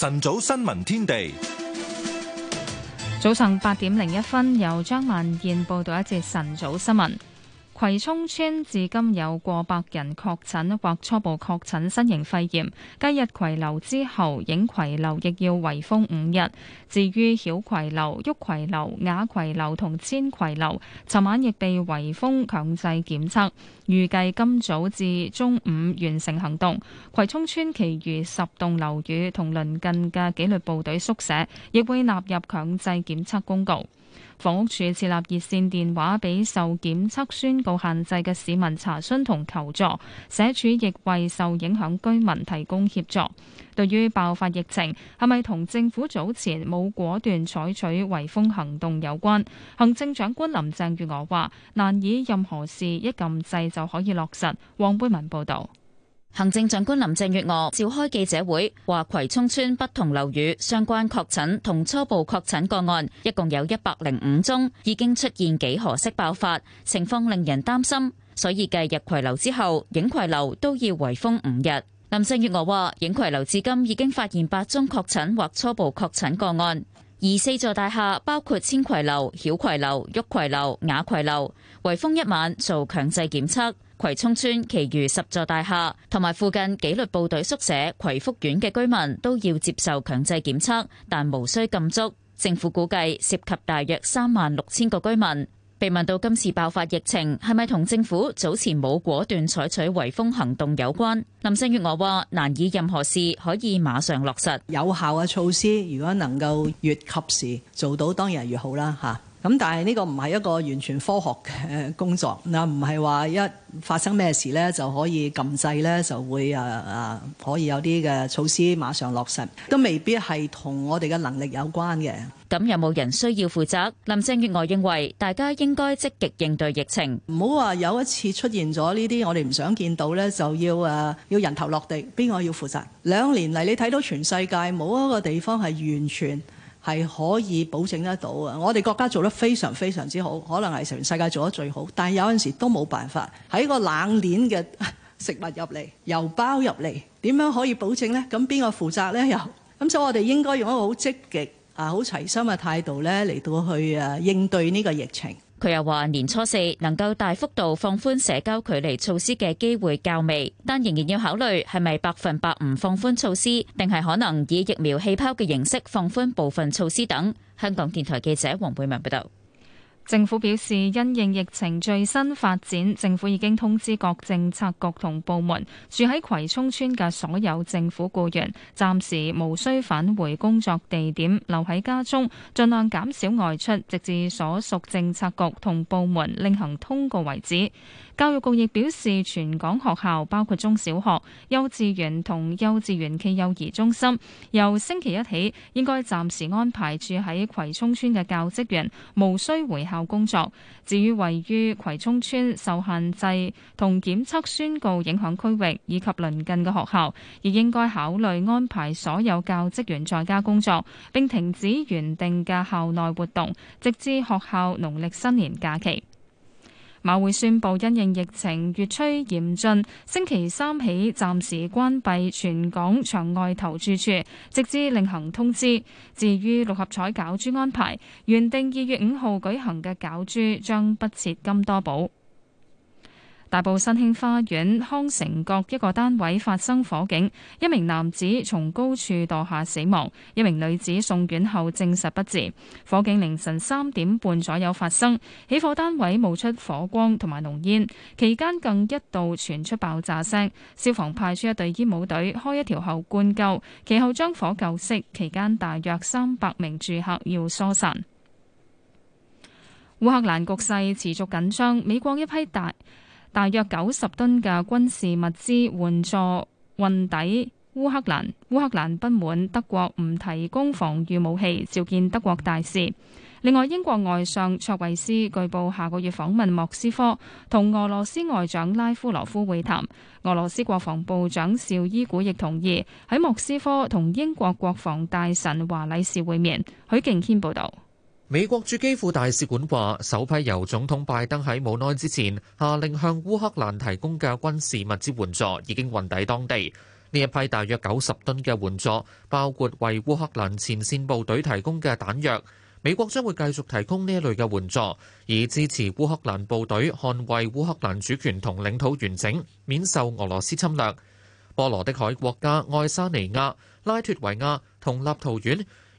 晨早新聞天地，早上八點零一分，由張曼燕報道一節晨早新聞。葵涌村至今有過百人確診或初步確診新型肺炎。繼逸葵樓之後，映葵樓亦要圍封五日。至於曉葵樓、旭葵樓、雅葵樓同芊葵樓，尋晚亦被圍封強制檢測，預計今早至中午完成行動。葵涌村其餘十棟樓宇同鄰近嘅紀律部隊宿舍亦會納入強制檢測公告。房屋署設立熱線電話俾受檢測宣告限制嘅市民查詢同求助，社署亦為受影響居民提供協助。對於爆發疫情，係咪同政府早前冇果斷採取圍封行動有關？行政長官林鄭月娥話：難以任何事一禁制就可以落實。黃貝文報導。行政長官林鄭月娥召開記者會，話葵涌村不同樓宇相關確診同初步確診個案一共有一百零五宗，已經出現幾何式爆發，情況令人擔心。所以繼逸葵樓之後，映葵樓都要圍封五日。林鄭月娥話：映葵樓至今已經發現八宗確診或初步確診個案，而四座大廈包括千葵樓、曉葵樓、旭葵樓、雅葵樓，圍封一晚做強制檢測。葵涌村其餘十座大廈同埋附近紀律部隊宿舍葵福苑嘅居民都要接受強制檢測，但無需禁足。政府估計涉及大約三萬六千個居民。被問到今次爆發疫情係咪同政府早前冇果斷採取圍封行動有關，林鄭月娥話難以任何事可以馬上落實有效嘅措施，如果能夠越及時做到，當然越好啦。吓。咁但係呢個唔係一個完全科學嘅工作，嗱唔係話一發生咩事呢就可以禁制呢，就會啊啊可以有啲嘅措施馬上落實，都未必係同我哋嘅能力有關嘅。咁有冇人需要負責？林鄭月娥認為大家應該積極應對疫情，唔好話有一次出現咗呢啲我哋唔想見到呢，就要誒、啊、要人頭落地，邊個要負責？兩年嚟你睇到全世界冇一個地方係完全係可以保證得到嘅，我哋國家做得非常非常之好，可能係全世界做得最好。但係有陣時都冇辦法喺個冷鏈嘅食物入嚟、郵包入嚟，點樣可以保證呢？咁邊個負責呢？又咁，所以我哋應該用一個好積極、啊好齊心嘅態度呢，嚟到去誒應對呢個疫情。佢又話：年初四能夠大幅度放寬社交距離措施嘅機會較微，但仍然要考慮係咪百分百唔放寬措施，定係可能以疫苗氣泡嘅形式放寬部分措施等。香港電台記者黃貝文報道。政府表示，因應疫情最新發展，政府已經通知各政策局同部門，住喺葵涌村嘅所有政府僱員，暫時無需返回工作地點留喺家中，盡量減少外出，直至所屬政策局同部門另行通告為止。教育局亦表示，全港學校包括中小學幼稚園同幼稚園暨幼兒中心，由星期一起應該暫時安排住喺葵涌村嘅教職員無需回校工作。至於位於葵涌村受限制同檢測宣告影響區域以及鄰近嘅學校，亦應該考慮安排所有教職員在家工作，並停止原定嘅校內活動，直至學校農曆新年假期。馬會宣佈，因應疫情越趨嚴峻，星期三起暫時關閉全港場外投注處，直至另行通知。至於六合彩攪珠安排，原定二月五號舉行嘅攪珠將不設金多寶。大埔新興花園康城閣一個單位發生火警，一名男子從高處墮下死亡，一名女子送院後證實不治。火警凌晨三點半左右發生，起火單位冒出火光同埋濃煙，期間更一度傳出爆炸聲。消防派出一隊煙霧隊開一條喉灌救，其後將火救熄。期間大約三百名住客要疏散。烏克蘭局勢持續緊張，美國一批大大約九十噸嘅軍事物資援助運抵烏克蘭，烏克蘭不滿德國唔提供防禦武器，召見德國大使。另外，英國外相卓維斯據報下個月訪問莫斯科，同俄羅斯外長拉夫羅夫會談。俄羅斯國防部長邵伊古亦同意喺莫斯科同英國國防大臣華禮士會面。許敬軒報道。美國駐基輔大使館話，首批由總統拜登喺冇耐之前下令向烏克蘭提供嘅軍事物資援助已經運抵當地。呢一批大約九十噸嘅援助，包括為烏克蘭前線部隊提供嘅彈藥。美國將會繼續提供呢一類嘅援助，以支持烏克蘭部隊捍衛烏克蘭主權同領土完整，免受俄羅斯侵略。波羅的海國家愛沙尼亞、拉脱維亞同立陶宛，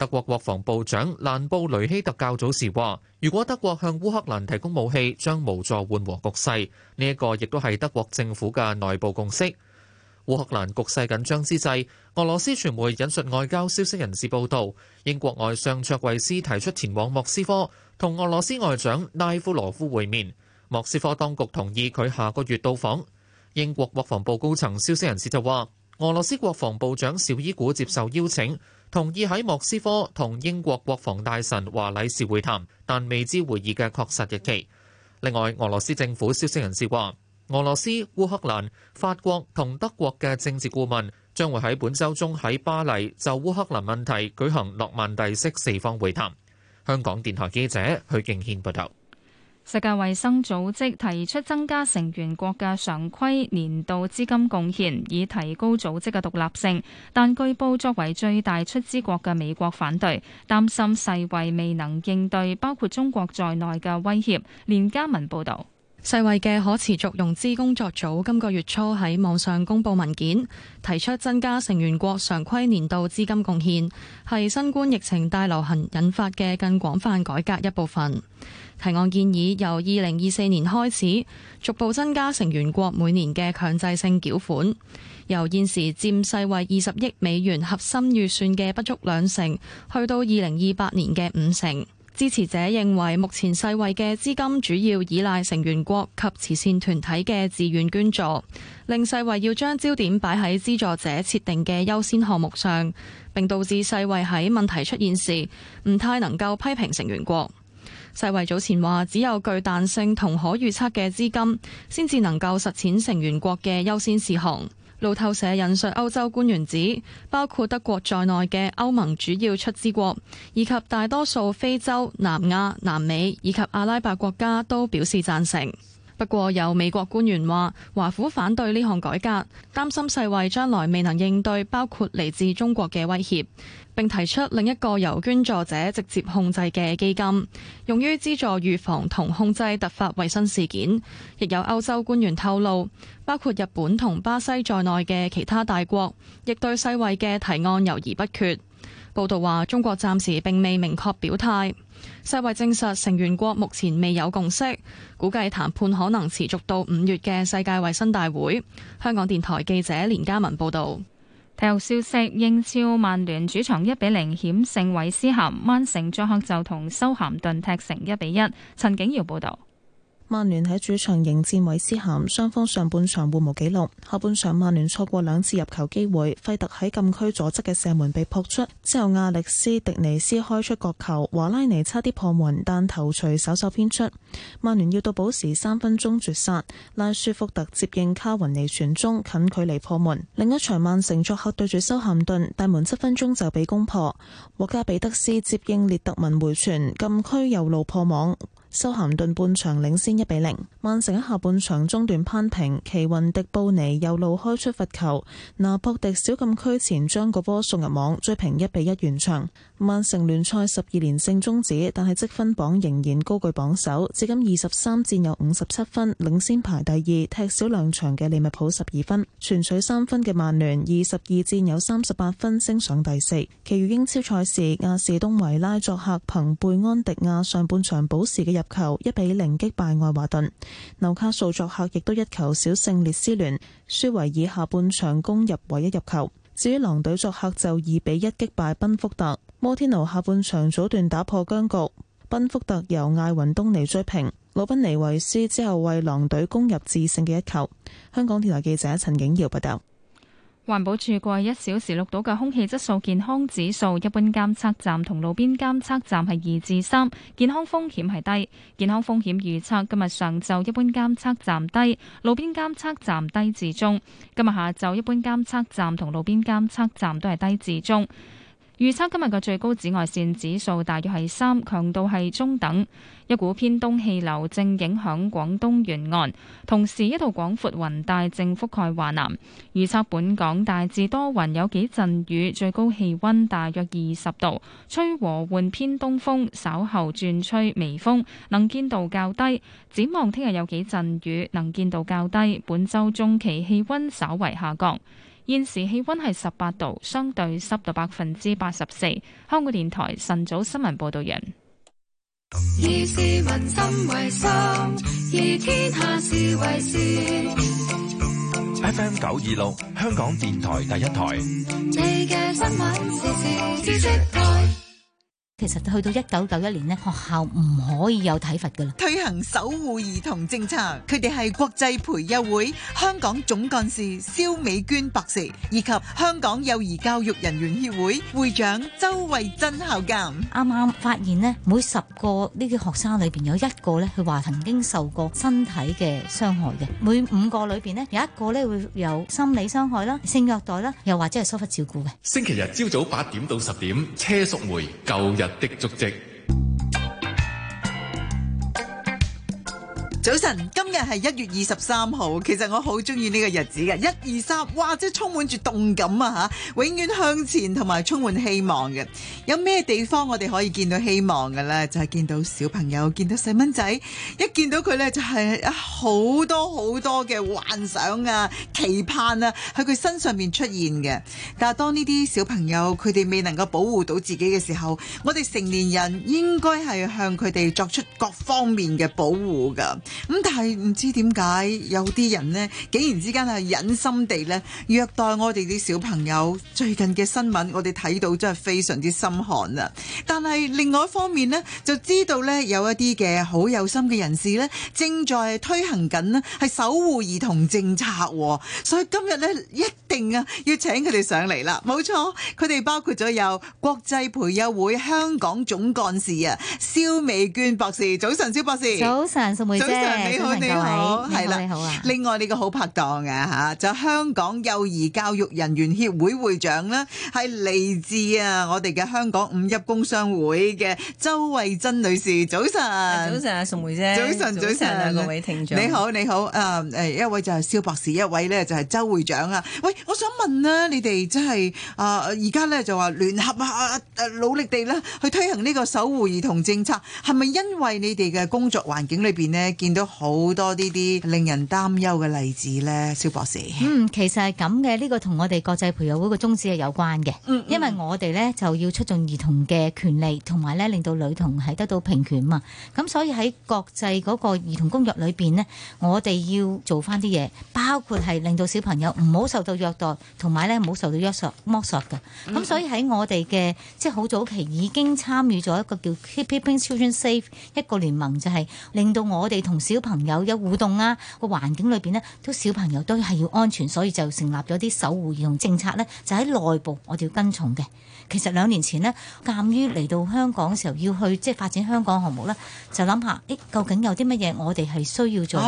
德國國防部長蘭布雷希特較早時話，如果德國向烏克蘭提供武器，將無助緩和局勢。呢、這、一個亦都係德國政府嘅內部共識。烏克蘭局勢緊張之際，俄羅斯傳媒引述外交消息人士報道，英國外相卓慧思提出前往莫斯科同俄羅斯外長拉夫羅夫會面，莫斯科當局同意佢下個月到訪。英國國防部高層消息人士就話，俄羅斯國防部長紹伊古接受邀請。同意喺莫斯科同英國國防大臣華禮士會談，但未知會議嘅確實日期。另外，俄羅斯政府消息人士話，俄羅斯、烏克蘭、法國同德國嘅政治顧問將會喺本周中喺巴黎就烏克蘭問題舉行諾曼第式四方會談，香港電台記者許敬軒報道。世界衛生組織提出增加成員國嘅常規年度資金貢獻，以提高組織嘅獨立性，但據報作為最大出資國嘅美國反對，擔心世衛未能應對包括中國在內嘅威脅。連家文報導。世衛嘅可持續融資工作組今個月初喺網上公布文件，提出增加成員國常規年度資金貢獻，係新冠疫情大流行引發嘅更廣泛改革一部分。提案建議由二零二四年開始，逐步增加成員國每年嘅強制性繳款，由現時佔世衛二十億美元核心預算嘅不足兩成，去到二零二八年嘅五成。支持者認為，目前世衛嘅資金主要依賴成員國及慈善團體嘅自願捐助，令世衛要將焦點擺喺資助者設定嘅優先項目上，並導致世衛喺問題出現時唔太能夠批評成員國。世衛早前話，只有具彈性同可預測嘅資金，先至能夠實踐成員國嘅優先事項。路透社引述歐洲官員指，包括德國在內嘅歐盟主要出資國，以及大多數非洲、南亞、南美以及阿拉伯國家都表示贊成。不過有美國官員話，華府反對呢項改革，擔心世衛將來未能應對包括嚟自中國嘅威脅，並提出另一個由捐助者直接控制嘅基金，用於資助預防同控制突發衛生事件。亦有歐洲官員透露，包括日本同巴西在內嘅其他大國，亦對世衛嘅提案猶疑不決。報道話，中國暫時並未明確表態。世衛證實，成員國目前未有共識，估計談判可能持續到五月嘅世界衞生大會。香港電台記者連嘉文報道。體育消息：英超曼聯主場一比零險勝韋斯咸，曼城作客就同修咸頓踢成一比一。陳景堯報導。曼聯喺主場迎戰韋斯咸，雙方上半場互無紀錄，下半場曼聯錯過兩次入球機會，費特喺禁區左側嘅射門被撲出，之後亞歷斯迪尼斯開出角球，華拉尼差啲破門，但頭錘稍稍偏出。曼聯要到補時三分鐘絕殺，拉舒福特接應卡雲尼傳中，近距離破門。另一場曼城作客對住修咸頓，大門七分鐘就被攻破，霍加比德斯接應列特文回傳，禁區右路破網。蘇咸頓半場領先一比零，曼城喺下半場中段扳平，奇雲迪布尼右路開出罰球，拿博迪小禁區前將個波送入網，追平一比一完場。曼城聯賽十二連勝終止，但係積分榜仍然高居榜首，至今二十三戰有五十七分，領先排第二，踢少兩場嘅利物浦十二分，全取三分嘅曼聯二十二戰有三十八分，升上第四。其餘英超賽事，亞士東維拉作客憑貝安迪亞上半場補時嘅入球一比零擊敗愛華頓，紐卡素作客亦都一球小勝列斯聯，舒維爾下半場攻入唯一入球。至於狼隊作客就二比一擊敗賓福特，摩天奴下半場早段打破僵局，賓福特由艾云東尼追平，魯賓尼維斯之後為狼隊攻入致勝嘅一球。香港電台記者陳景堯報道。環保署過去一小時錄到嘅空氣質素健康指數，一般監測站同路邊監測站係二至三，健康風險係低。健康風險預測今日上晝一般監測站低，路邊監測站低至中。今日下晝一般監測站同路邊監測站都係低至中。預測今日嘅最高紫外線指數大約係三，強度係中等。一股偏東氣流正影響廣東沿岸，同時一道廣闊雲帶正覆蓋華南。預測本港大致多雲，有幾陣雨，最高氣温大約二十度，吹和緩偏東風，稍後轉吹微風，能見度較低。展望聽日有幾陣雨，能見度較低。本週中期氣温稍為下降。現時氣溫係十八度，相對濕度百分之八十四。香港電台晨早新聞報道人。F.M. 九二六，26，香港電台第一台。其實去到一九九一年呢學校唔可以有體罰噶啦。推行守護兒童政策，佢哋係國際培育會香港總幹事肖美娟博士，以及香港幼兒教育人員協會會長周慧珍校監。啱啱發現呢每十個呢啲學生裏邊有一個呢，佢話曾經受過身體嘅傷害嘅，每五個裏邊呢，有一個呢會有心理傷害啦、性虐待啦，又或者係疏忽照顧嘅。星期日朝早八點到十點，車淑梅舊日的足跡。早晨，今日係一月二十三號，其實我好中意呢個日子嘅一二三，1, 2, 3，哇，即充滿住動感啊吓，永遠向前同埋充滿希望嘅。有咩地方我哋可以見到希望嘅呢？就係、是、見到小朋友，見到細蚊仔，一見到佢呢，就係、是、好多好多嘅幻想啊、期盼啊，喺佢身上面出現嘅。但係當呢啲小朋友佢哋未能夠保護到自己嘅時候，我哋成年人應該係向佢哋作出各方面嘅保護噶。咁但係唔知點解有啲人呢，竟然之間係忍心地呢，虐待我哋啲小朋友。最近嘅新聞我哋睇到真係非常之心寒啊！但係另外一方面呢，就知道呢，有一啲嘅好有心嘅人士呢，正在推行緊呢，係守護兒童政策，所以今日呢，一定啊要請佢哋上嚟啦。冇錯，佢哋包括咗有國際培幼會香港總幹事啊，蕭美娟博士。早晨，蕭博士。早晨，淑梅姐。你好，你好，係啦。另外，呢個好拍檔啊吓，就香港幼兒教育人員協會會長咧，係嚟自啊我哋嘅香港五一工商會嘅周慧珍女士。早晨，早晨啊，宋梅姐，早晨，早晨。兩位聽眾，你好，你好。啊，誒，一位就係蕭博士，一位咧就係周會長啊。喂，我想問咧，你哋即係啊，而家咧就話聯合啊啊，誒，努力地咧去推行呢個守護兒童政策，係咪因為你哋嘅工作環境裏邊咧見見到好多呢啲令人擔憂嘅例子咧，肖博士。嗯，其實係咁嘅，呢個同我哋國際培養會嘅宗旨係有關嘅。嗯。嗯，因為我哋咧就要促進兒童嘅權利，同埋咧令到女童係得到平權啊嘛。咁所以喺國際嗰個兒童公約裏邊咧，我哋要做返啲嘢，包括係令到小朋友唔好受到虐待，同埋咧唔好受到約束、剝削嘅。咁所以喺我哋嘅即係好早期已經參與咗一個叫 Keeping Children Safe 一個聯盟，就係令到我哋同小朋友有互動啊，個環境裏邊呢，都小朋友都係要安全，所以就成立咗啲守護兒童政策呢，就喺內部我哋要跟從嘅。其實兩年前呢，鑒於嚟到香港嘅時候要去即係、就是、發展香港項目呢，就諗下誒，究竟有啲乜嘢我哋係需要做？啊